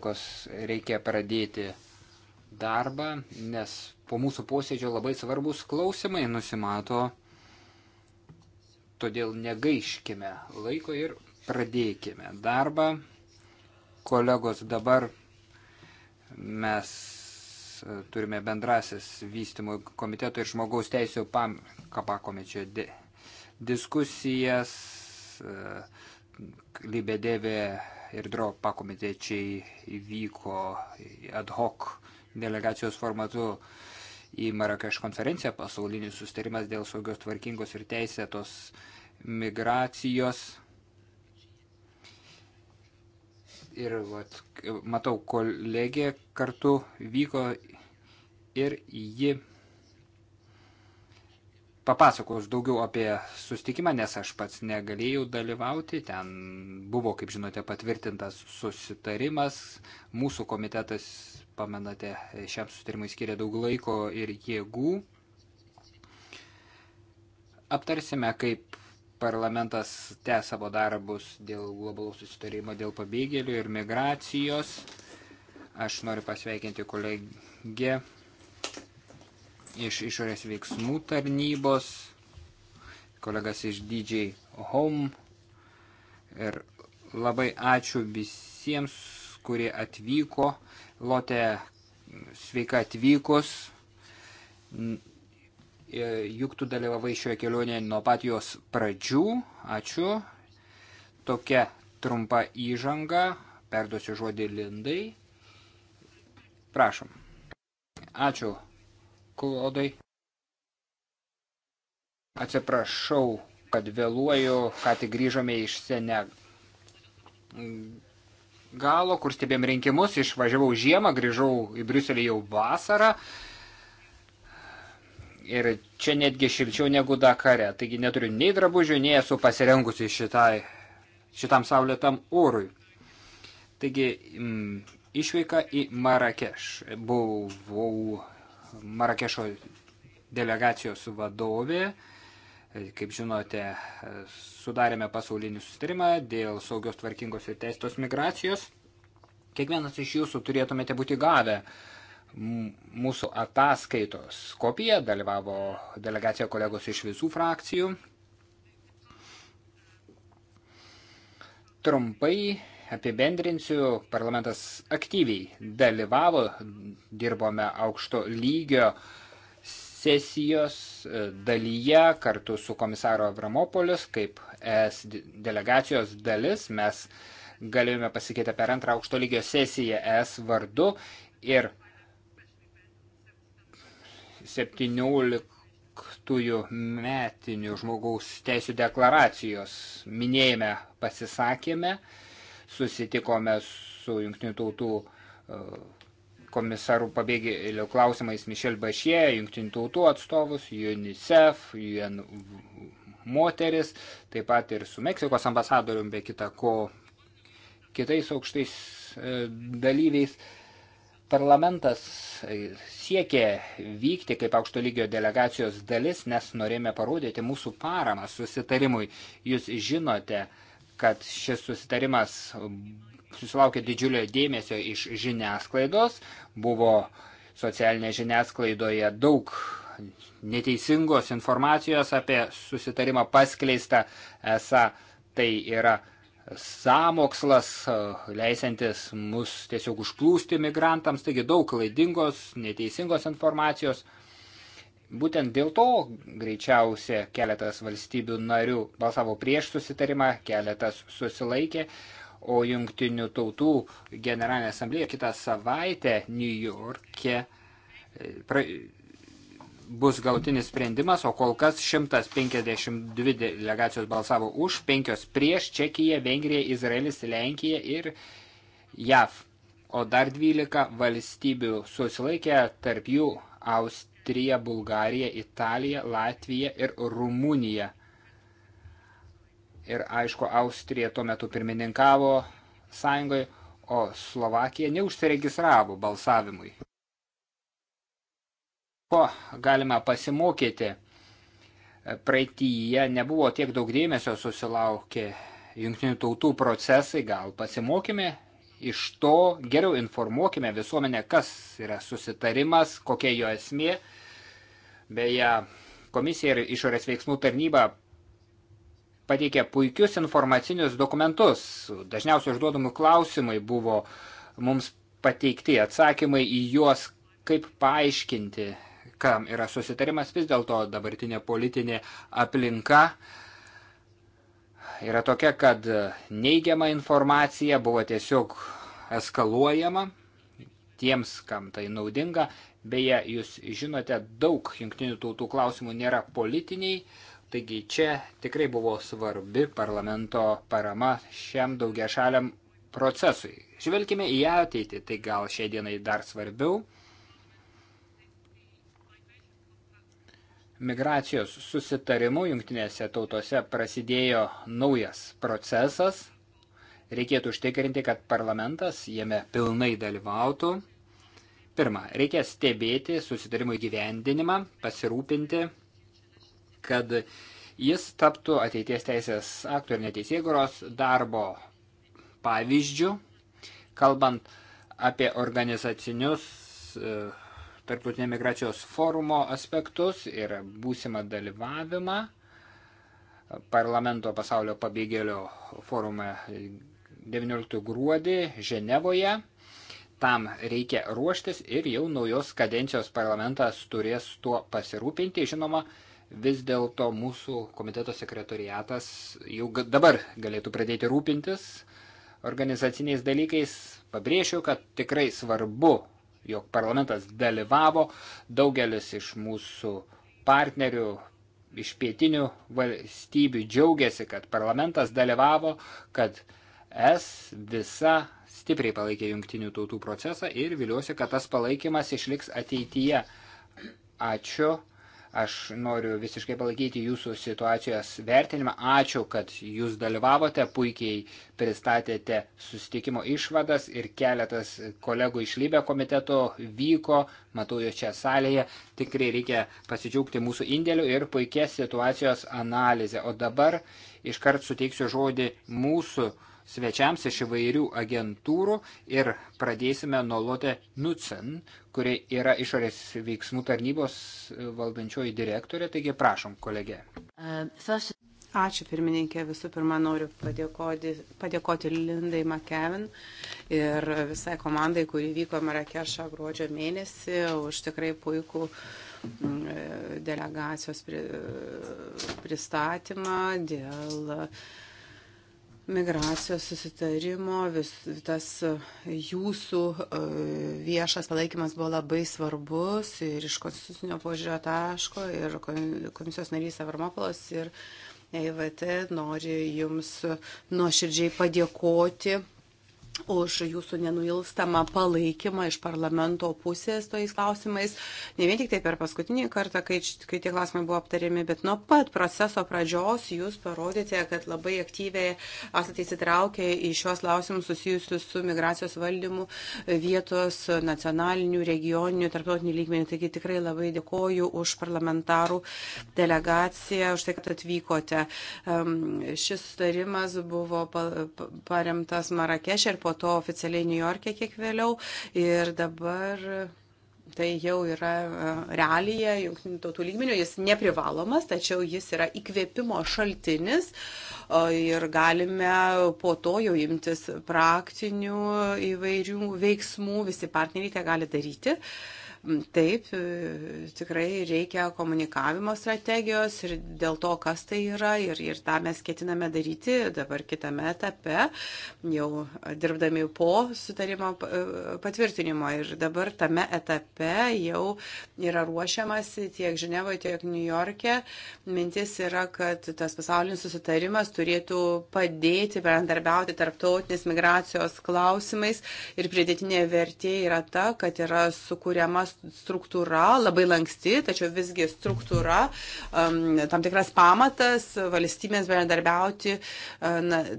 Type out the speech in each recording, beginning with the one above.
kos reikia pradėti darbą, nes po mūsų posėdžio labai svarbus klausimai nusimato, todėl negaiškime laiko ir pradėkime darbą. Kolegos, dabar mes e, turime bendrasis vystimo komiteto ir žmogaus teisų kapakomečio di diskusijas. E, Libedėvė ir DRO pakomitečiai vyko ad hoc delegacijos formatu į Marakeš konferenciją pasaulinis sustarimas dėl saugios tvarkingos ir teisėtos migracijos. Ir vat, matau, kolegė kartu vyko ir ji papasakos daugiau apie sustikimą, nes aš pats negalėjau dalyvauti. Ten buvo, kaip žinote, patvirtintas susitarimas. Mūsų komitetas, pamenate, šiam susitarimui skiria daug laiko ir jėgų. Aptarsime, kaip parlamentas tęs savo darbus dėl globalaus susitarimo dėl pabėgėlių ir migracijos. Aš noriu pasveikinti kolegę iš išorės veiksmų tarnybos, kolegas iš DJ Home. Ir labai ačiū visiems, kurie atvyko. Lotė, sveika atvykus. E, juk tu dalyvavai šioje kelionėje nuo pat jos pradžių. Ačiū. Tokia trumpa įžanga. Perduosiu žodį Lindai. Prašom. Ačiū Klodai. Atsiprašau, kad vėluoju, ką tik grįžome iš Seneg. Galo, kur stebėm rinkimus, išvažiavau žiemą, grįžau į Briuselį jau vasarą. Ir čia netgi šilčiau negu Dakare, taigi neturiu nei drabužių, nei esu pasirengusi šitai, šitam saulėtam orui. Taigi, m, mm, išvyka į Marakeš. Buvau Marakešo delegacijos vadovė. Kaip žinote, sudarėme pasaulinį sustarimą dėl saugios tvarkingos ir teistos migracijos. Kiekvienas iš jūsų turėtumėte būti gavę mūsų ataskaitos kopiją, dalyvavo delegacija kolegos iš visų frakcijų. Trumpai apibendrinsiu, parlamentas aktyviai dalyvavo, dirbome aukšto lygio sesijos dalyje kartu su komisaro Avramopolis, kaip es delegacijos dalis, mes galėjome pasikeitę per antrą aukšto lygio sesiją es vardu ir 17 penktųjų metinių žmogaus teisų deklaracijos minėjime pasisakėme susitikome su Junktinių tautų e, komisarų pabėgėlių klausimais Mišel Bašė, Junktinių tautų atstovus, UNICEF, UN moteris, taip pat ir su Meksikos ambasadoriumi, be kita ko, kitais aukštais e, dalyviais. Parlamentas e, siekė vykti kaip aukšto lygio delegacijos dalis, nes norėjome parodyti mūsų paramą susitarimui. Jūs žinote, kad šis susitarimas um, susilaukė didžiulio dėmesio iš žiniasklaidos, buvo socialinėje žiniasklaidoje daug neteisingos informacijos apie susitarimą paskleista, esą tai yra sąmokslas, uh, leisiantis mus tiesiog užplūsti migrantams, taigi daug klaidingos, neteisingos informacijos – Būtent dėl to greičiausia keletas valstybių narių balsavo prieš susitarimą, keletas susilaikė, o jungtinių tautų generalinė asamblėja kitą savaitę New York'e e, pra... bus gautinis sprendimas, o kol kas 152 delegacijos balsavo už, 5 prieš Čekiją, Vengriją, Izraelis, Lenkiją ir JAV. O dar 12 valstybių susilaikė, tarp jų Austrija. Austrija, Bulgarija, Italija, Latvija ir Rumunija. Ir aišku, Austrija tuo metu pirmininkavo sąjungoje, o Slovakija neužsiregistravo balsavimui. Ko galima pasimokyti? Praeitįje nebuvo tiek daug dėmesio susilaukė jungtinių tautų procesai, gal pasimokime iš to geriau informuokime visuomenę, kas yra susitarimas, kokia jo esmė. Beje, komisija ir išorės veiksmų tarnyba pateikė puikius informacinius dokumentus. Dažniausiai užduodamų klausimai buvo mums pateikti atsakymai į juos, kaip paaiškinti, kam yra susitarimas. Vis dėlto dabartinė politinė aplinka uh, yra tokia, kad neigiama informacija buvo tiesiog eskaluojama tiems, kam tai naudinga. Beje, jūs žinote, daug jungtinių tautų klausimų nėra politiniai, taigi čia tikrai buvo svarbi parlamento parama šiam daugiašaliam procesui. Žvelkime į ateitį, tai gal šiai dienai dar svarbiau. migracijos susitarimu jungtinėse tautose prasidėjo naujas procesas. Reikėtų užtikrinti, kad parlamentas jame pilnai dalyvautų. Pirma, reikia stebėti susitarimo įgyvendinimą, pasirūpinti, kad jis taptų ateities teisės aktų ir neteisėguros darbo pavyzdžių, kalbant apie organizacinius uh, tarptautinio migracijos forumo aspektus ir būsimą dalyvavimą parlamento pasaulio pabėgėlio forume 19 gruodį Ženevoje. Tam reikia ruoštis ir jau naujos kadencijos parlamentas turės tuo pasirūpinti. Žinoma, vis dėlto mūsų komiteto sekretoriatas jau dabar galėtų pradėti rūpintis organizaciniais dalykais. Pabrėšiu, kad tikrai svarbu jog parlamentas dalyvavo, daugelis iš mūsų partnerių iš pietinių valstybių džiaugiasi, kad parlamentas dalyvavo, kad es visa stipriai palaikė jungtinių tautų procesą ir viliuosi, kad tas palaikymas išliks ateityje. Ačiū. Aš noriu visiškai palaikyti jūsų situacijos vertinimą. Ačiū, kad jūs dalyvavote, puikiai pristatėte sustikimo išvadas ir keletas kolegų iš Lybė komiteto vyko, matau jo čia salėje. Tikrai reikia pasidžiaugti mūsų indėliu ir puikia situacijos analizė. O dabar iškart suteiksiu žodį mūsų svečiams iš įvairių agentūrų ir pradėsime nuo Lotte Knudsen, kuri yra išorės veiksmų tarnybos e, valdančioji direktorė. Taigi prašom, kolegė. Ačiū pirmininkė. Visų pirma, noriu padėkoti, padėkoti Lindai McKevin ir visai komandai, kuri vyko Marakešą gruodžio mėnesį už tikrai puikų mm, e, delegacijos pristatymą dėl migracijos susitarimo, vis, tas e, jūsų e, viešas palaikymas buvo labai svarbus ir iš konstitucinio požiūrio taško ir komisijos narys Avarmopolas ir EIVT nori jums nuoširdžiai padėkoti už jūsų nenuilstamą palaikymą iš parlamento pusės tojais klausimais. Ne vien tik tai per paskutinį kartą, kai, kai tie klausimai buvo aptariami, bet nuo pat proceso pradžios jūs parodėte, kad labai aktyviai esate įsitraukę į šios klausimus susijusius su migracijos valdymu vietos, nacionalinių, regioninių, tarptautinių lygmenių. Taigi tikrai labai dėkoju už parlamentarų delegaciją, už tai, kad atvykote. Šis sutarimas buvo paremtas Marakešė ir po po to oficialiai New York'e kiek vėliau. Ir dabar tai jau yra e, realija jungtinių tautų lygmenių. Jis neprivalomas, tačiau jis yra įkvėpimo šaltinis ir galime po to jau imtis praktinių įvairių veiksmų, visi partneriai tai gali daryti. Uh, Mm, taip, e, tikrai reikia komunikavimo strategijos ir dėl to, kas tai yra ir, ir tą mes ketiname daryti dabar kitame etape, jau dirbdami po sutarimo e, patvirtinimo. Ir dabar tame etape jau yra ruošiamas tiek Ženevoje, tiek New York'e. Mintis yra, kad tas pasaulinis susitarimas turėtų padėti bendarbiauti tarptautinės migracijos klausimais ir pridėtinė vertė yra ta, kad yra sukūriama struktūra, labai lanksti, tačiau visgi struktūra, um, tam tikras pamatas valstybės bendarbiauti uh, uh,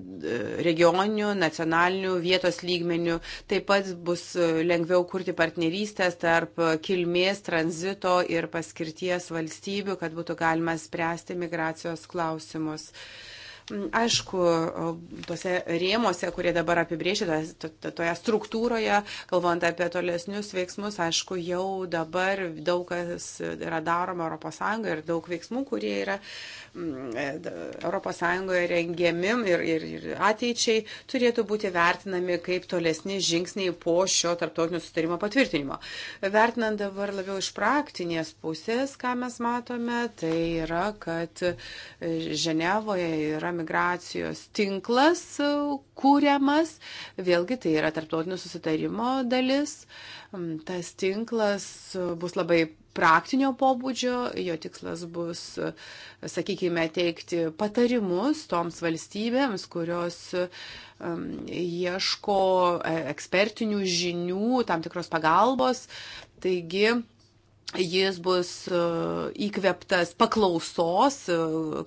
regioninių, nacionalinių, vietos lygmenių. Taip pat bus uh, lengviau kurti partnerystės tarp kilmės, tranzito ir paskirties valstybių, kad būtų galima spręsti migracijos klausimus. Thank you Mm, aišku, tuose rėmuose, kurie dabar apibrėžė, toje struktūroje, kalbant apie tolesnius veiksmus, aišku, jau dabar daug kas yra daroma ES ir daug veiksmų, kurie yra mm, ES rengiami ir, ir, ir ateičiai turėtų būti vertinami kaip tolesni žingsniai po šio tarptautinio sustarimo patvirtinimo. Vertinant dabar labiau iš praktinės pusės, ką mes matome, tai yra, kad e, Ženevoje yra migracijos tinklas e, kūriamas. Vėlgi tai yra tarptautinio susitarimo dalis. Mm, tas tinklas e, bus labai praktinio pobūdžio, jo tikslas bus, e, sakykime, teikti patarimus toms valstybėms, kurios um, ieško ekspertinių žinių, tam tikros pagalbos. Taigi, jis bus e, įkveptas paklausos, e,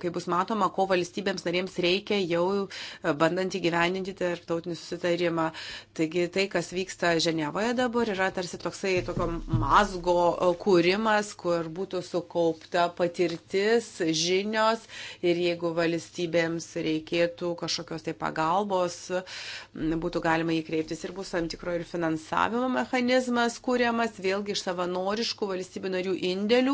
kai bus matoma, ko valstybėms narėms reikia jau e, bandant įgyveninti tarptautinį susitarimą. Taigi tai, kas vyksta Ženevoje dabar, yra tarsi toksai tokio mazgo kūrimas, kur būtų sukaupta patirtis, žinios ir jeigu valstybėms reikėtų kažkokios tai pagalbos, būtų galima įkreiptis ir bus tam tikro ir finansavimo mechanizmas kūriamas, vėlgi iš savanoriškų valstybių valstybių narių indėlių,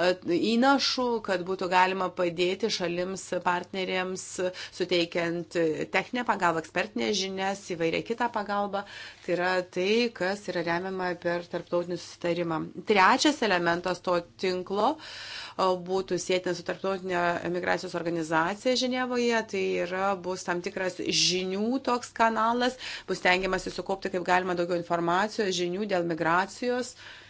e, įnašų, kad būtų galima padėti šalims partneriams, suteikiant techninę pagalbą, ekspertinės žinias, įvairią kitą pagalbą. Tai yra tai, kas yra remiama per tarptautinį susitarimą. Trečias elementas to tinklo e, būtų sėtina su tarptautinė migracijos organizacija Ženevoje. Tai yra bus tam tikras žinių toks kanalas, bus tengiamas įsukopti kaip galima daugiau informacijos, žinių dėl migracijos. Uh,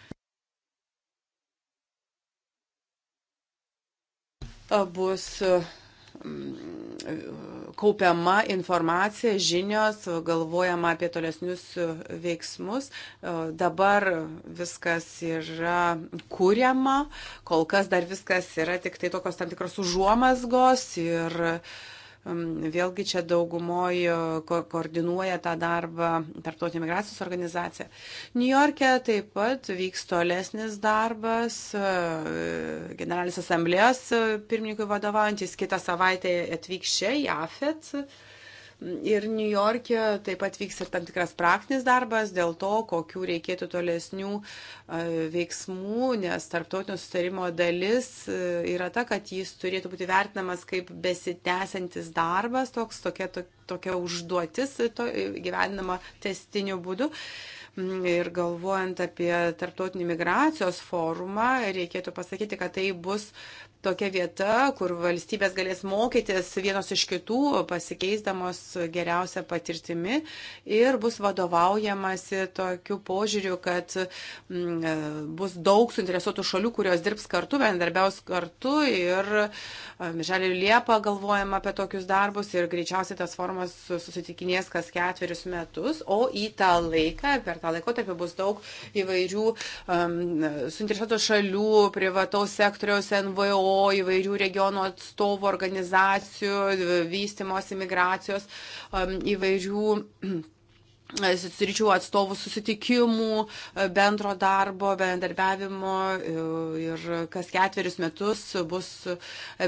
bus mm, kaupiama informacija, žinios, galvojama apie tolesnius veiksmus. E, dabar viskas yra kuriama, kol kas dar viskas yra tik tai tokios tam tikros užuomasgos ir uh, Vėlgi čia daugumoje ko koordinuoja tą darbą Tartuotinė migracijos organizacija. Niujorke taip pat vyks tolesnis darbas. E, Generalinis asamblės e, pirmininkui vadovaujantis kitą savaitę atvyks čia į AFET Ir New York'e taip pat vyks ir tam tikras praktinis darbas dėl to, kokių reikėtų tolesnių e, veiksmų, nes tarptautinio sustarimo dalis e, yra ta, kad jis turėtų būti vertinamas kaip besitęsiantis darbas, toks, tokia, to, tokia užduotis e, to, gyvenama testiniu būdu. Mm, ir galvojant apie tarptautinį migracijos forumą, reikėtų pasakyti, kad tai bus tokia vieta, kur valstybės galės mokytis vienos iš kitų, pasikeisdamos geriausią patirtimi ir bus vadovaujamasi tokiu požiūriu, kad m, mm, bus daug suinteresuotų šalių, kurios dirbs kartu, bendarbiaus kartu ir um, žalių liepą galvojama apie tokius darbus ir greičiausiai tas formas susitikinės kas ketverius metus, o į tą laiką, per tą laikotarpį bus daug įvairių um, suinteresuotų šalių, privataus sektoriaus, NVO, NVO, įvairių regionų atstovų organizacijų, vystimos, imigracijos, um, įvairių sričių atstovų susitikimų, bendro darbo, bendarbiavimo e, ir kas ketverius metus bus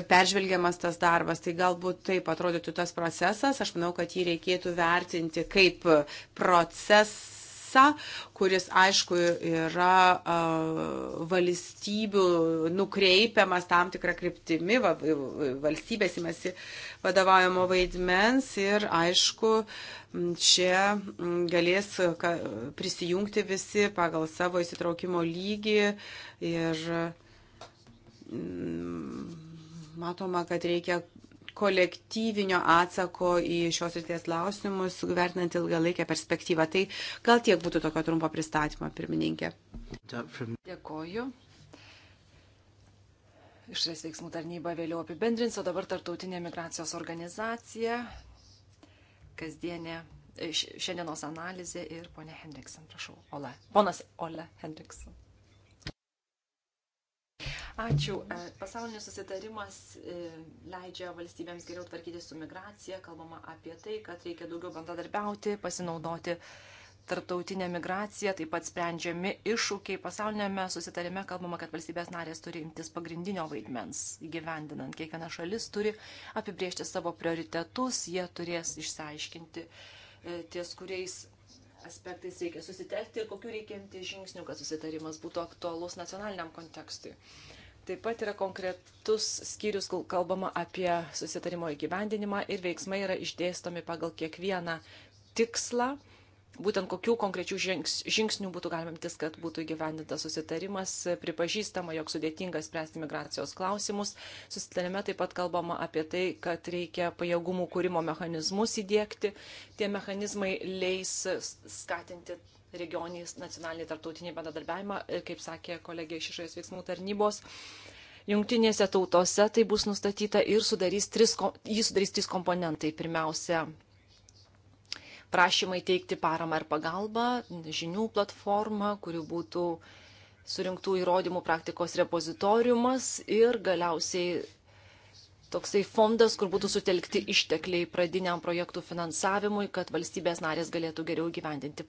peržvelgiamas tas darbas. Tai galbūt taip atrodytų tas procesas. Aš manau, kad jį reikėtų vertinti kaip procesą ESA, kuris aišku yra a, valstybių nukreipiamas tam tikrą kryptimį, va, valstybės imasi vadovaujamo vaidmens ir aišku čia galės ka, prisijungti visi pagal savo įsitraukimo lygį ir. Mm, matoma, kad reikia kolektyvinio atsako į šios ryties klausimus, vertinant ilgalaikę perspektyvą. Tai gal tiek būtų tokio trumpo pristatymo, pirmininkė. Dėkoju. Išrės veiksmų tarnyba vėliau apibendrins, o dabar tartautinė migracijos organizacija, kasdienė e, šiandienos analizė ir ponė Hendriksen, prašau, Ola. Ponas Ola Hendriksen. Ačiū. E, pasaulinis susitarimas e, leidžia valstybėms geriau tvarkyti su migracija. Kalbama apie tai, kad reikia daugiau bendradarbiauti, pasinaudoti tarptautinę migraciją, taip pat sprendžiami iššūkiai. Pasaulinėme susitarime kalbama, kad valstybės narės turi imtis pagrindinio vaidmens įgyvendinant. Kiekviena šalis turi apibriežti savo prioritetus, jie turės išsiaiškinti e, ties kuriais aspektais reikia susitelkti ir kokiu reikia imti žingsnių, kad susitarimas būtų aktualus nacionaliniam kontekstui. Taip pat yra konkretus skyrius, kur kalbama apie susitarimo įgyvendinimą ir veiksmai yra išdėstomi pagal kiekvieną tikslą, būtent kokių konkrečių žingsnių būtų galima imtis, kad būtų įgyvendintas susitarimas. Pripažįstama, jog sudėtinga spręsti migracijos klausimus. Susitarime taip pat kalbama apie tai, kad reikia pajėgumų kūrimo mechanizmus įdėkti. Tie mechanizmai leis skatinti regioniais nacionaliniai tarptautiniai bendradarbiavimą, kaip sakė kolegė iš išorės veiksmų tarnybos. Jungtinėse tautose tai bus nustatyta ir sudarys tris, jį sudarys trys komponentai. Pirmiausia, prašymai teikti paramą ir pagalbą, žinių platforma, kuri būtų surinktų įrodymų praktikos repozitoriumas ir galiausiai toksai fondas, kur būtų sutelkti ištekliai pradiniam projektų finansavimui, kad valstybės narės galėtų geriau gyvendinti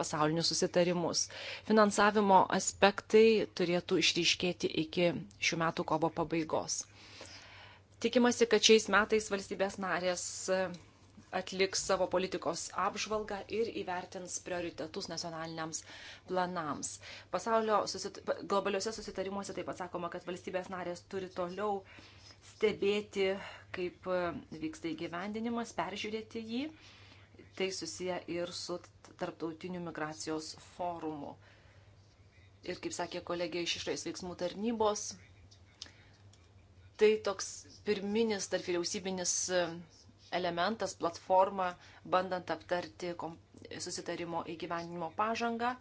pasaulinius susitarimus. Finansavimo aspektai turėtų išryškėti iki šių metų kovo pabaigos. Tikimasi, kad šiais metais valstybės narės e, atliks savo politikos apžvalgą ir įvertins prioritetus nacionaliniams planams. Pasaulio susit... globaliuose susitarimuose taip pat sakoma, kad valstybės narės turi toliau stebėti, kaip e, vyksta įgyvendinimas, peržiūrėti jį tai susiję ir su tarptautiniu migracijos forumu. Ir kaip sakė kolegė iš išrais veiksmų tarnybos, tai toks pirminis tarp vyriausybinis e, elementas, platforma, bandant aptarti susitarimo įgyvendinimo pažangą.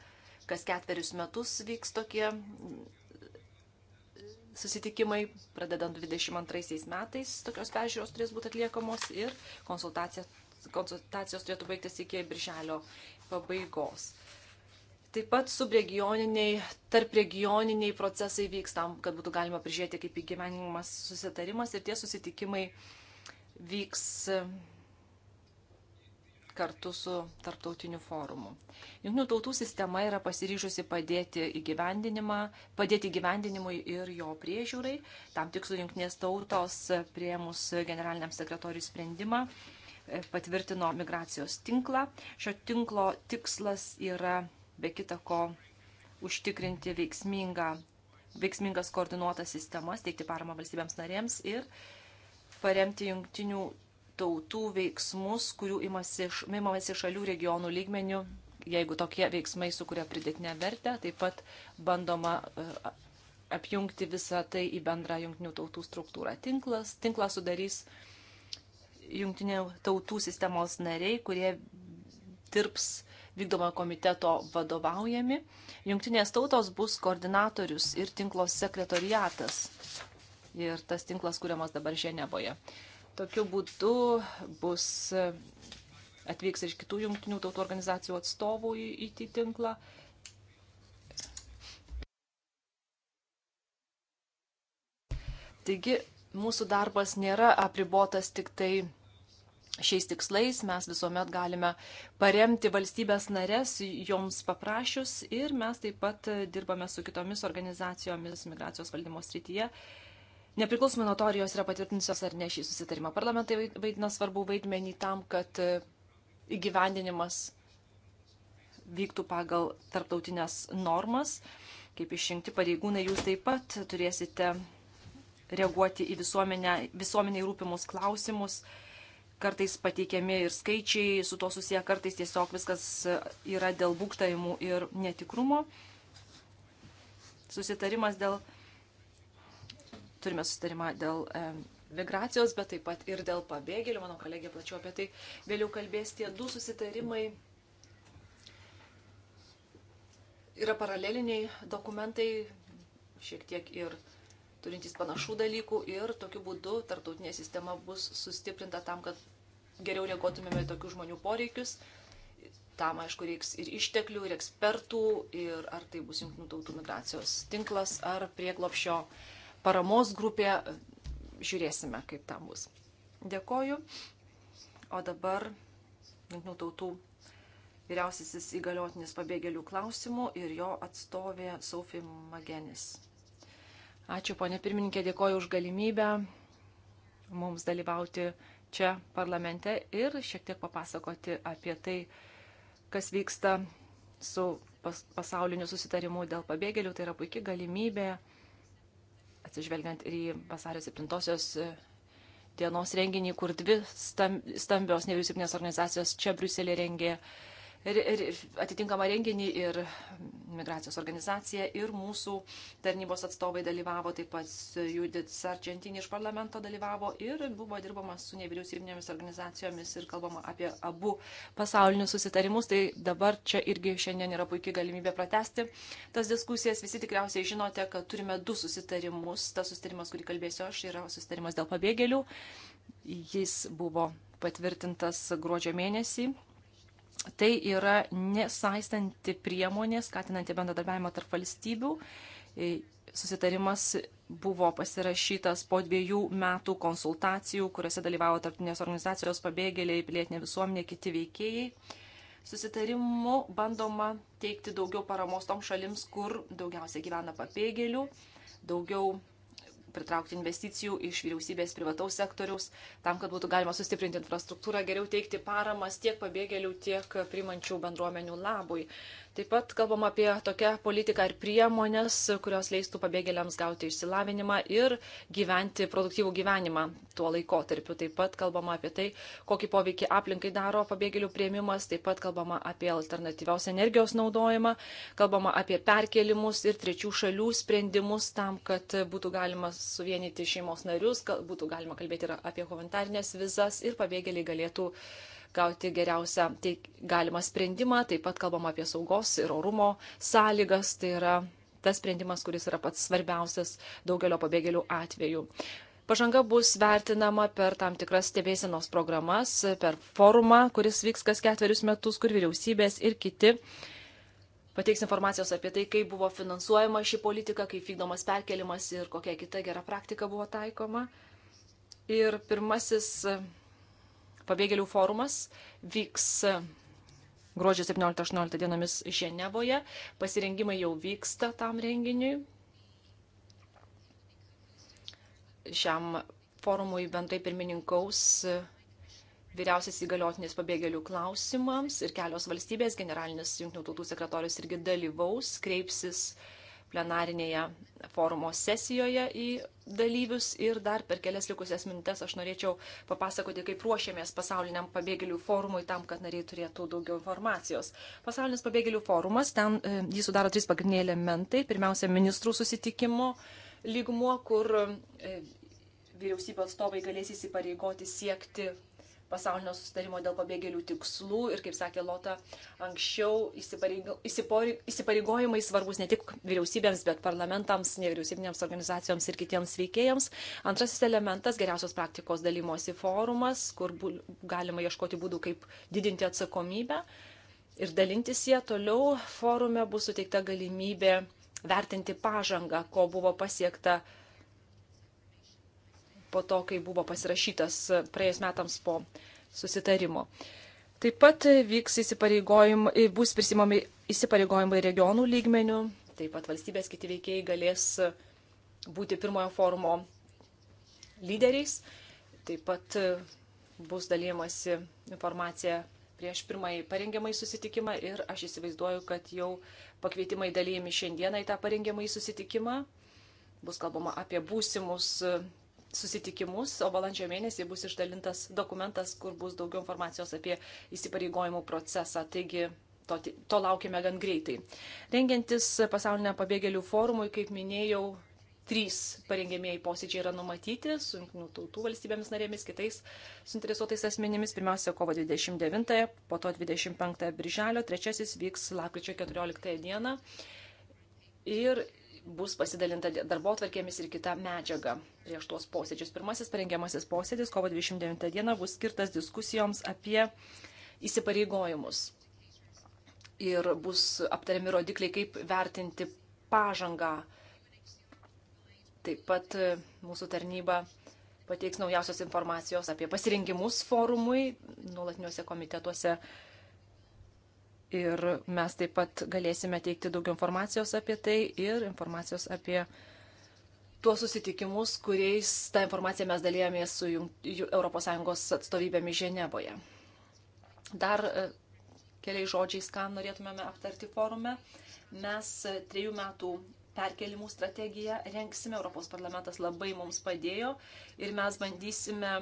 Kas ketverius metus vyks tokie mm, susitikimai, pradedant 22 metais tokios peržiūros turės būti atliekamos ir konsultacija konsultacijos turėtų baigtis iki birželio pabaigos. Taip pat subregioniniai, tarp regioniniai procesai vykstam, kad būtų galima prižiūrėti, kaip įgyvenimas susitarimas ir tie susitikimai vyks kartu su tarptautiniu forumu. Junktinių tautų sistema yra pasiryžusi padėti, padėti įgyvendinimui ir jo priežiūrai. Tam tikslu Junktinės tautos prieimus generaliniam sekretoriui sprendimą E, patvirtino migracijos tinklą. Šio tinklo tikslas yra be kita ko užtikrinti veiksmingą, veiksmingas koordinuotas sistemas, teikti paramą valstybėms narėms ir paremti jungtinių tautų veiksmus, kurių imasi, imamasi šalių regionų lygmenių, jeigu tokie veiksmai sukuria pridėtinę vertę, taip pat bandoma e, apjungti visą tai į bendrą jungtinių tautų struktūrą. Tinklas, tinklas sudarys jungtinių tautų sistemos nariai, kurie dirbs vykdomojo komiteto vadovaujami. Jungtinės tautos bus koordinatorius ir tinklo sekretoriatas. Ir tas tinklas kuriamas dabar Ženeboje. Tokiu būdu bus e, atvyks iš kitų jungtinių tautų organizacijų atstovų į, į tinklą. Taigi mūsų darbas nėra apribotas tik tai šiais tikslais. Mes visuomet galime paremti valstybės narės joms paprašius ir mes taip pat dirbame su kitomis organizacijomis migracijos valdymo srityje. Nepriklausomai nuo to, ar jos yra patvirtinusios ar ne šį susitarimą, parlamentai vaidina svarbu vaidmenį tam, kad e, įgyvendinimas vyktų pagal tarptautinės normas. Kaip išrinkti pareigūnai, jūs taip pat turėsite reaguoti į visuomenę, visuomeniai rūpimus klausimus. Kartais pateikiami ir skaičiai su to susiję, kartais tiesiog viskas yra dėl būktaimų ir netikrumo. Susitarimas dėl, turime susitarimą dėl e, migracijos, bet taip pat ir dėl pabėgėlių, mano kolegė plačiau apie tai vėliau kalbės, tie du susitarimai yra paraleliniai dokumentai, šiek tiek ir turintys panašų dalykų ir tokiu būdu tartautinė sistema bus sustiprinta tam, kad geriau reaguotumėme į tokių žmonių poreikius. Tam, aišku, reiks ir išteklių, ir ekspertų, ir ar tai bus jungtinių tautų migracijos tinklas, ar prieglopšio paramos grupė. Žiūrėsime, kaip tam bus. Dėkoju. O dabar jungtinių tautų vyriausiasis įgaliotinis pabėgėlių klausimų ir jo atstovė Sofija Magenis. Ačiū, ponė pirmininkė, dėkoju už galimybę mums dalyvauti čia parlamente ir šiek tiek papasakoti apie tai, kas vyksta su pas, pasauliniu susitarimu dėl pabėgėlių. Tai yra puikia galimybė, atsižvelgiant ir į vasario 7-osios e, dienos renginį, kur dvi stambios nevyriausybinės organizacijos čia Briuselė rengė uh, atitinkamą renginį ir migracijos organizacija ir mūsų tarnybos atstovai dalyvavo, taip pat Judith Sargentini iš parlamento dalyvavo ir buvo dirbama su nevyriausybinėmis organizacijomis ir kalbama apie abu pasaulinius susitarimus. Tai dabar čia irgi šiandien yra puikiai galimybė pratesti tas diskusijas. Visi tikriausiai žinote, kad turime du susitarimus. Tas susitarimas, kurį kalbėsiu aš, yra susitarimas dėl pabėgėlių. Jis buvo patvirtintas gruodžio mėnesį Tai yra nesaistanti priemonė, skatinanti bendradarbiavimą tarp valstybių. E, susitarimas buvo pasirašytas po dviejų metų konsultacijų, kuriuose dalyvavo tarptinės organizacijos pabėgėliai, pilietinė visuomenė, kiti veikėjai. Susitarimu bandoma teikti daugiau paramos tom šalims, kur daugiausia gyvena pabėgėlių, daugiau pritraukti investicijų iš vyriausybės privataus sektoriaus, tam, kad būtų galima sustiprinti infrastruktūrą, geriau teikti paramas tiek pabėgėlių, tiek primančių bendruomenių labui. Taip pat kalbam apie tokią politiką ir priemonės, kurios leistų pabėgėliams gauti išsilavinimą ir gyventi produktyvų gyvenimą tuo laikotarpiu. Taip pat kalbam apie tai, kokį poveikį aplinkai daro pabėgėlių prieimimas, taip pat kalbam apie alternatyvios energijos naudojimą, kalbam apie perkelimus ir trečių šalių sprendimus tam, kad būtų galima suvienyti šeimos narius, būtų galima kalbėti ir apie humanitarnės vizas ir pabėgėliai galėtų uh, gauti geriausią teik, galimą sprendimą. Taip pat kalbam apie saugos ir orumo sąlygas. Tai yra tas sprendimas, kuris yra pats svarbiausias daugelio pabėgėlių atveju. Pažanga bus vertinama per tam tikras stebėsenos programas, per forumą, kuris vyks kas ketverius metus, kur vyriausybės ir kiti pateiks informacijos apie tai, kaip buvo finansuojama ši politika, kaip vykdomas perkelimas ir kokia kita gera praktika buvo taikoma. Ir pirmasis Pabėgėlių forumas vyks gruodžio 17-18 dienomis Ženevoje. Pasirengimai jau vyksta tam renginiui. Šiam forumui bendrai pirmininkaus vyriausias įgaliotinės pabėgėlių klausimams ir kelios valstybės generalinis jungtinių tautų sekretorius irgi dalyvaus, kreipsis uh, plenarinėje forumo sesijoje į dalyvius. Ir dar per kelias likusias mintes aš norėčiau papasakoti, kaip ruošiamės pasauliniam pabėgėlių forumui tam, kad nariai turėtų daugiau informacijos. Pasaulinis pabėgėlių forumas, ten e, jį sudaro trys pagrindiniai elementai. Pirmiausia, ministrų susitikimo lygmuo, kur e, vyriausybės atstovai galės įsipareigoti siekti pasaulinio sustarimo dėl pabėgėlių tikslų ir, kaip sakė Lota, anksčiau įsipareigojimai svarbus ne tik vyriausybėms, bet parlamentams, nevyriausybinėms organizacijoms ir kitiems veikėjams. Antrasis elementas - geriausios praktikos dalymosi forumas, kur galima ieškoti būdų, kaip didinti atsakomybę. Ir dalintis jie toliau forume bus suteikta galimybė vertinti pažangą, ko buvo pasiekta po to, kai buvo pasirašytas praėjus metams po susitarimo. Taip pat vyks įsipareigojimai, bus prisimami įsipareigojimai regionų lygmenių, taip pat valstybės kiti veikėjai galės būti pirmojo forumo lyderiais, taip pat bus dalymasi informacija prieš pirmąjį parengiamąjį susitikimą ir aš įsivaizduoju, kad jau pakvietimai dalyjami šiandieną į tą parengiamąjį susitikimą. Bus kalbama apie būsimus susitikimus, o balandžio mėnesį bus išdalintas dokumentas, kur bus daugiau informacijos apie įsipareigojimų procesą. Taigi to, to laukime gan greitai. Rengiantis pasaulinio pabėgėlių forumui, kaip minėjau, trys parengėmėjai posėdžiai yra numatyti su jungtinių tautų valstybėmis narėmis, kitais suinteresuotais asmenimis. Pirmiausia, kovo 29, po to 25 birželio, trečiasis vyks lakryčio 14 dieną. Ir bus pasidalinta darbo atvarkėmis ir kita medžiaga prieš tuos posėdžius. Pirmasis parengiamasis posėdis kovo 29 dieną bus skirtas diskusijoms apie įsipareigojimus. Ir bus aptariami rodikliai, kaip vertinti pažangą. Taip pat e, mūsų tarnyba pateiks naujausios informacijos apie pasirinkimus forumui nuolatiniuose komitetuose Ir mes taip pat galėsime teikti daug informacijos apie tai ir informacijos apie tuos susitikimus, kuriais tą informaciją mes dalėjomės su ES atstovybėmis Ženevoje. Dar e, keliai žodžiais, ką norėtumėme aptarti forume. Mes e, trejų metų perkelimų strategiją rengsime, Europos parlamentas labai mums padėjo ir mes bandysime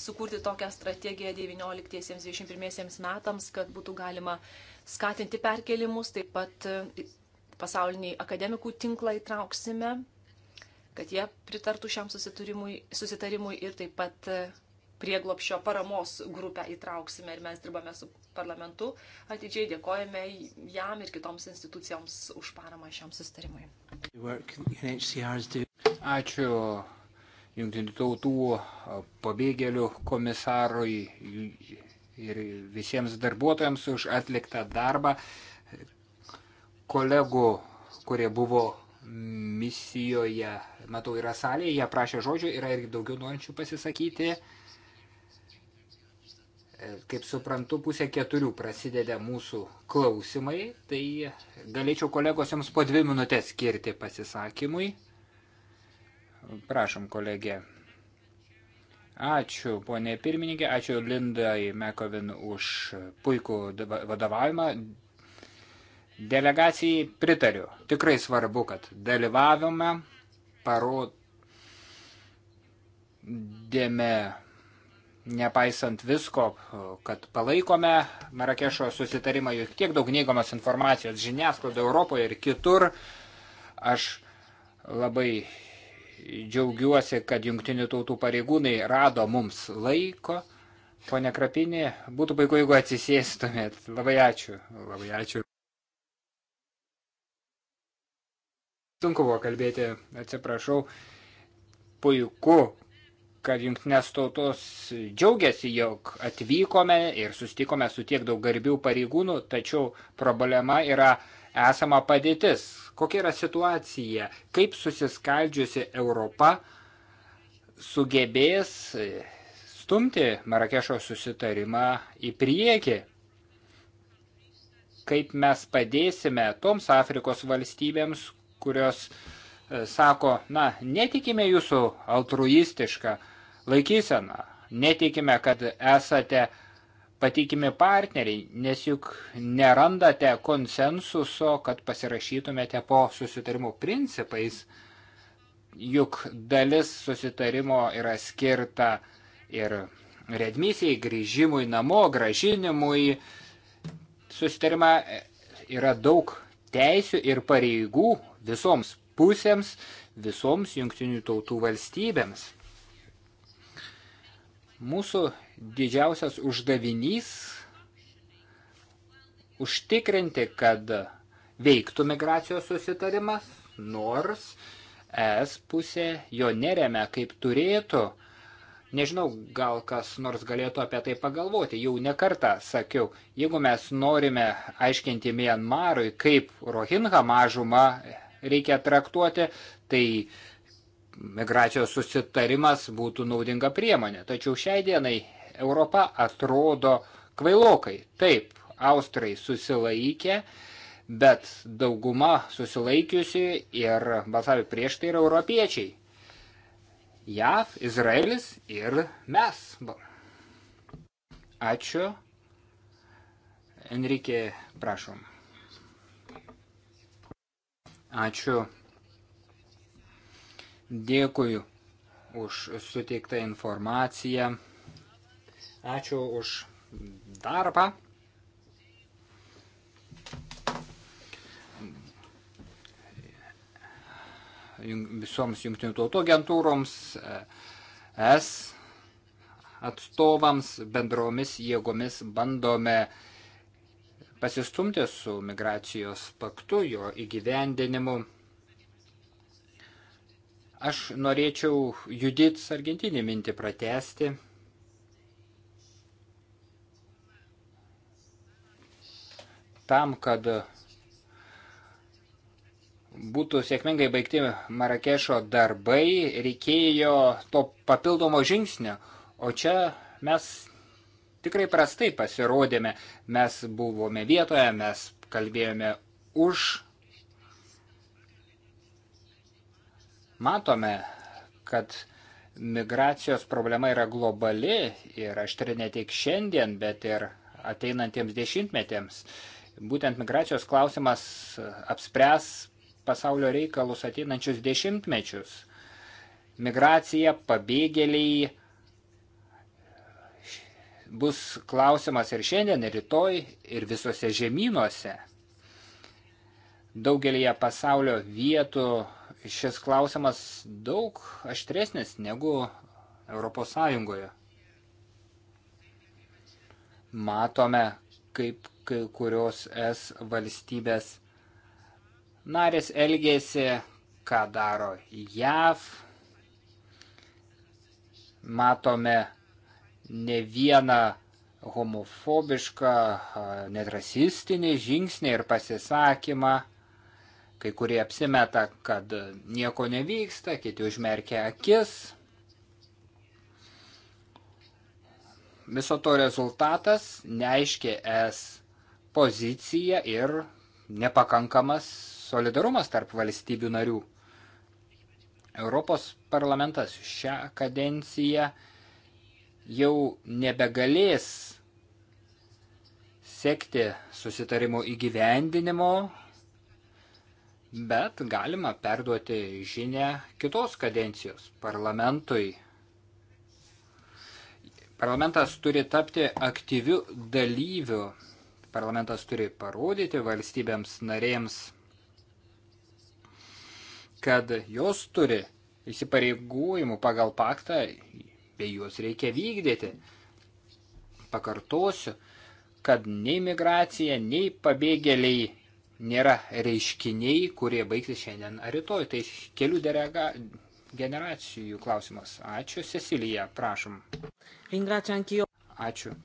sukurti tokią strategiją 19-21 metams, kad būtų galima skatinti perkelimus, taip pat e, pasaulinį akademikų tinklą įtrauksime, kad jie pritartų šiam susitarimui ir taip pat e, prieglopšio paramos grupę įtrauksime ir mes dirbame su parlamentu. Atidžiai dėkojame jam ir kitoms institucijoms už paramą šiam sustarimui. Ačiū jungtinių tautų pabėgėlių komisarui ir visiems darbuotojams už atliktą darbą, kolegų, kurie buvo misijoje, matau, yra salėje, jie prašė žodžių, yra ir daugiau norinčių pasisakyti. E, kaip suprantu, pusė keturių prasideda mūsų klausimai, tai galėčiau kolegos jums po dvi minutės skirti pasisakymui. Prašom, kolegė. Ačiū, ponė pirmininkė, ačiū Lindai Mekovin už puikų vadovavimą. Delegacijai pritariu. Tikrai svarbu, kad dalyvavome, parodėme, nepaisant visko, kad palaikome Marakešo susitarimą, juk tiek daug neigiamas informacijos žiniasklaidoje Europoje ir kitur. Aš labai džiaugiuosi, kad jungtinių tautų pareigūnai rado mums laiko. Pone Krapinė, būtų puiku, jeigu atsisėstumėt. Labai ačiū. Labai ačiū. Sunku buvo kalbėti, atsiprašau. Puiku, kad jungtinės tautos džiaugiasi, jog atvykome ir sustikome su tiek daug garbių pareigūnų, tačiau problema yra esama padėtis, Kokia yra situacija? Kaip susiskaldžiusi Europa sugebės e, stumti Marakešo susitarimą į priekį? Kaip mes padėsime toms Afrikos valstybėms, kurios e, sako, na, netikime jūsų altruistišką laikyseną, netikime, kad esate uh, patikimi partneriai, nes juk nerandate konsensuso, kad pasirašytumėte po susitarimo principais, juk dalis susitarimo yra skirta ir redmysijai, grįžimui namo, gražinimui. Susitarima yra daug teisių ir pareigų visoms pusėms, visoms jungtinių tautų valstybėms. Mūsų didžiausias uždavinys užtikrinti, kad veiktų migracijos susitarimas, nors es pusė jo neremia kaip turėtų. Nežinau, gal kas nors galėtų apie tai pagalvoti. Jau nekartą sakiau, jeigu mes norime aiškinti Mianmarui, kaip Rohingha mažumą reikia traktuoti, tai migracijos susitarimas būtų naudinga priemonė. Tačiau šiai dienai Europa atrodo kvailokai. Taip, Austrai susilaikė, bet dauguma susilaikiusi ir balsavę prieš tai yra europiečiai. JAV, Izraelis ir mes. Ačiū. Enrique, prašom. Ačiū. Dėkui už suteiktą informaciją. Ačiū už darbą. visoms jungtinių tautų agentūroms, es atstovams bendromis jėgomis bandome pasistumti su migracijos paktu, jo įgyvendinimu. Aš norėčiau Judits Argentinį mintį pratesti. tam, kad būtų sėkmingai baigti Marakešo darbai, reikėjo to papildomo žingsnio. O čia mes tikrai prastai pasirodėme. Mes buvome vietoje, mes kalbėjome už. Matome, kad migracijos problema yra globali ir aštri ne tik šiandien, bet ir ateinantiems dešimtmetėms. Būtent migracijos klausimas apspręs pasaulio reikalus ateinančius dešimtmečius. Migracija, pabėgėliai bus klausimas ir šiandien, ir rytoj, ir visose žemynuose. Daugelįje pasaulio vietų šis klausimas daug aštresnis negu Europos Sąjungoje. Matome, kaip kai kurios es valstybės narės elgėsi, ką daro JAV. Matome ne vieną homofobišką, net rasistinį žingsnį ir pasisakymą. Kai kurie apsimeta, kad nieko nevyksta, kiti užmerkia akis. Viso to rezultatas neaiškiai es pozicija ir nepakankamas solidarumas tarp valstybių narių. Europos parlamentas šią kadenciją jau nebegalės sekti susitarimo įgyvendinimo, bet galima perduoti žinę kitos kadencijos parlamentui. Parlamentas turi tapti aktyviu dalyviu Parlamentas turi parodyti valstybėms narėms, kad jos turi įsipareigojimų pagal paktą, bei juos reikia vykdyti. Pakartosiu, kad nei migracija, nei pabėgėliai nėra reiškiniai, kurie baigsis šiandien ar rytoj. Tai kelių derega generacijų klausimas. Ačiū, Cecilija, prašom. Ačiū.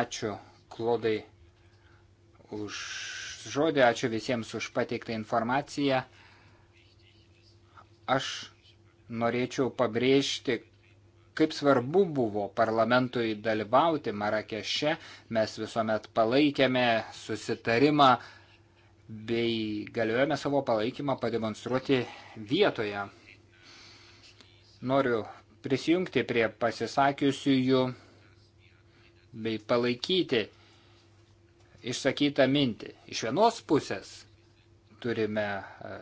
Ačiū, Klodai, už žodį, ačiū visiems už pateiktą informaciją. Aš norėčiau pabrėžti, kaip svarbu buvo parlamentui dalyvauti Marakeše. Mes visuomet palaikėme susitarimą bei galėjome savo palaikymą pademonstruoti vietoje. Noriu prisijungti prie pasisakiusiųjų bei palaikyti išsakytą mintį. Iš vienos pusės turime e,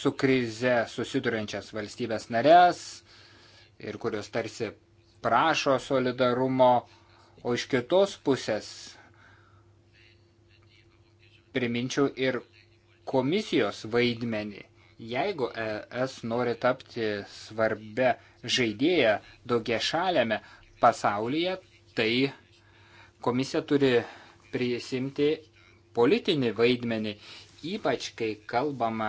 su krize susiduriančias valstybės narės ir kurios tarsi prašo solidarumo, o iš kitos pusės priminčiau ir komisijos vaidmenį. Jeigu ES nori tapti svarbia žaidėja daugia šalėme, pasaulyje, tai komisija turi prisimti politinį vaidmenį, ypač kai kalbama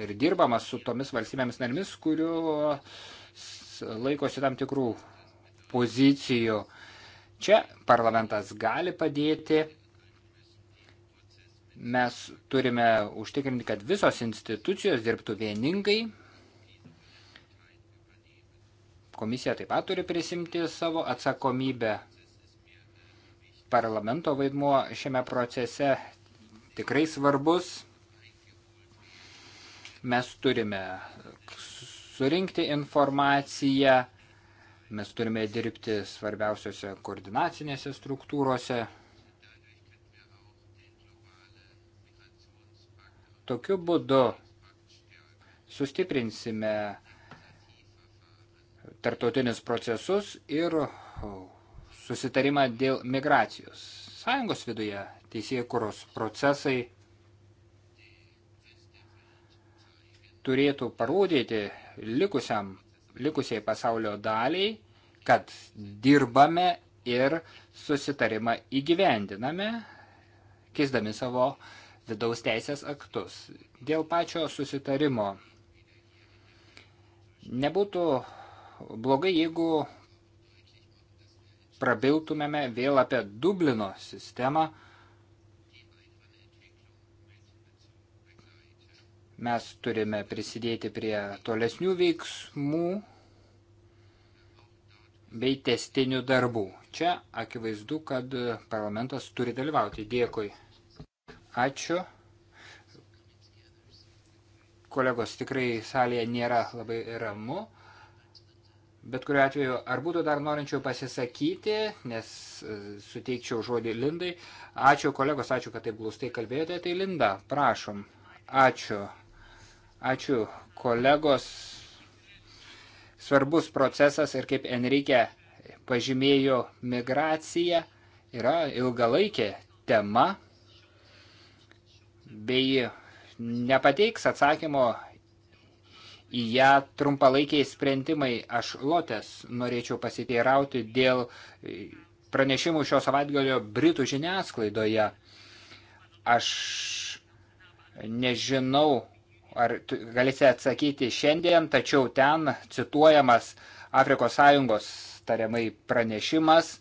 ir dirbama su tomis valstybėmis narimis, kurios laikosi tam tikrų pozicijų. Čia parlamentas gali padėti. Mes turime užtikrinti, kad visos institucijos dirbtų vieningai, Komisija taip pat turi prisimti savo atsakomybę. Parlamento vaidmuo šiame procese tikrai svarbus. Mes turime surinkti informaciją, mes turime dirbti svarbiausiose koordinacinėse struktūrose. Tokiu būdu sustiprinsime tartautinius procesus ir susitarimą dėl migracijos. Sąjungos viduje teisėkuros procesai turėtų parodyti likusiam, likusiai pasaulio daliai, kad dirbame ir susitarimą įgyvendiname, keisdami savo vidaus teisės aktus. Dėl pačio susitarimo nebūtų blogai, jeigu prabiltumėme vėl apie Dublino sistemą. Mes turime prisidėti prie tolesnių veiksmų bei testinių darbų. Čia akivaizdu, kad parlamentas turi dalyvauti. Dėkui. Ačiū. Kolegos, tikrai salėje nėra labai ramu. Bet kuriuo atveju, ar būtų dar norinčiau pasisakyti, nes e, suteikčiau žodį Lindai. Ačiū kolegos, ačiū, kad taip glūstai kalbėjote. Tai Linda, prašom. Ačiū. Ačiū kolegos. Svarbus procesas ir kaip Enrique pažymėjo, migracija yra ilgalaikė tema bei nepateiks atsakymo į ją trumpalaikiai sprendimai. Aš lotės norėčiau pasiteirauti dėl e, pranešimų šio savaitgalio Britų žiniasklaidoje. Aš nežinau, ar galėsite atsakyti šiandien, tačiau ten cituojamas Afrikos Sąjungos tariamai pranešimas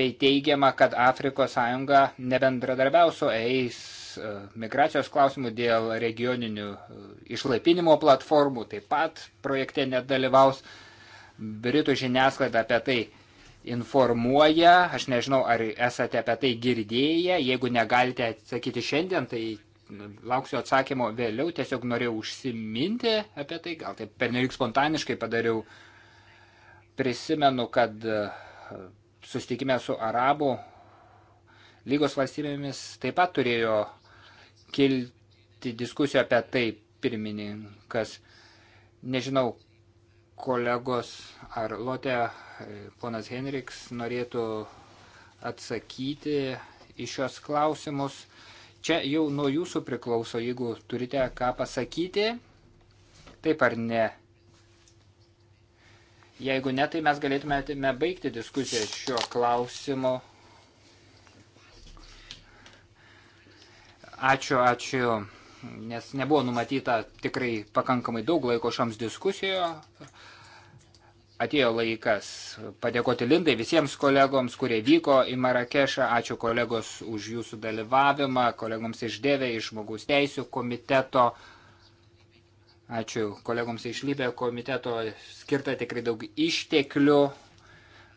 bei teigiama, kad Afrikos Sąjunga nebendradarbiausio eis E, migracijos klausimų, dėl regioninių e, išlaipinimo platformų taip pat projekte nedalyvaus. Britų žiniasklaida apie tai informuoja, aš nežinau, ar esate apie tai girdėję, jeigu negalite atsakyti šiandien, tai nu, lauksiu atsakymo vėliau, tiesiog norėjau užsiminti apie tai, gal taip pernelik spontaniškai padariau. Prisimenu, kad e, susitikime su arabų lygos valstybėmis taip pat turėjo kilti diskusijų apie tai pirmininkas. Nežinau, kolegos ar Lotė, ponas Henriks norėtų atsakyti į šios klausimus. Čia jau nuo jūsų priklauso, jeigu turite ką pasakyti, taip ar ne. Jeigu ne, tai mes galėtume baigti diskusiją šiuo klausimu. Ačiū, ačiū, nes nebuvo numatyta tikrai pakankamai daug laiko šioms diskusijoje. Atėjo laikas padėkoti Lindai visiems kolegoms, kurie vyko į Marakešą. Ačiū kolegos už jūsų dalyvavimą, kolegoms išdėvė iš žmogaus teisų komiteto. Ačiū kolegoms iš Lybė komiteto, skirta tikrai daug išteklių.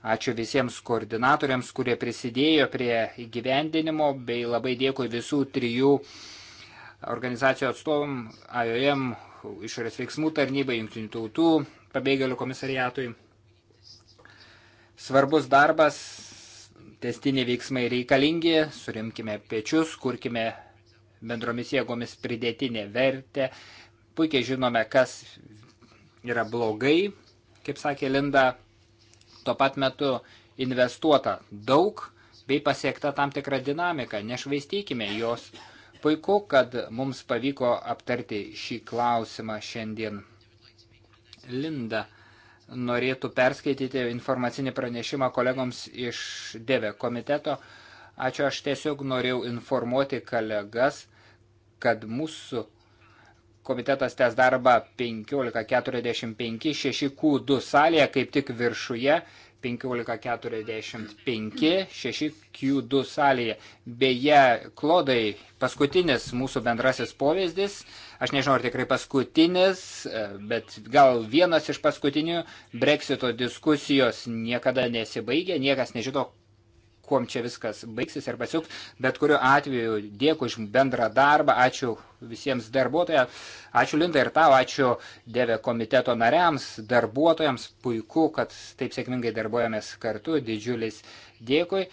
Ačiū visiems koordinatoriams, kurie prisidėjo prie įgyvendinimo, bei labai dėkui visų trijų organizacijų atstovom, AOM, išorės veiksmų tarnybai, jungtinių tautų, pabėgėlių komisariatui. Svarbus darbas, testiniai veiksmai reikalingi, surimkime pečius, kurkime bendromis jėgomis pridėtinę vertę. Puikiai žinome, kas yra blogai, kaip sakė Linda, tuo pat metu investuota daug bei pasiekta tam tikra dinamika, nešvaistykime jos. Puiku, kad mums pavyko aptarti šį klausimą šiandien. Linda norėtų perskaityti informacinį pranešimą kolegoms iš Deve komiteto. Ačiū, aš tiesiog norėjau informuoti kolegas, kad mūsų komitetas tęs darbą 15.45 6Q2 salėje, kaip tik viršuje 15.45 6Q2 salėje. Beje, Klodai, paskutinis mūsų bendrasis povėzdis, aš nežinau ar tikrai paskutinis, e, bet gal vienas iš paskutinių, Brexito diskusijos niekada nesibaigia, niekas nežino, kuom čia viskas baigsis ir pasiuks, bet kuriuo atveju dėkui už bendrą darbą, ačiū visiems darbuotojams, ačiū Linda ir tau, ačiū Dėvė komiteto nariams, darbuotojams, puiku, kad taip sėkmingai darbuojamės kartu, didžiulis dėkui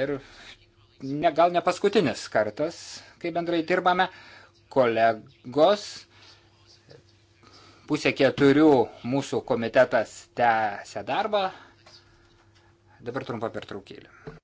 ir ne, gal ne paskutinis kartas, kai bendrai dirbame, kolegos pusė keturių mūsų komitetas tęsia darbą. Dabar trumpa pertraukėlė.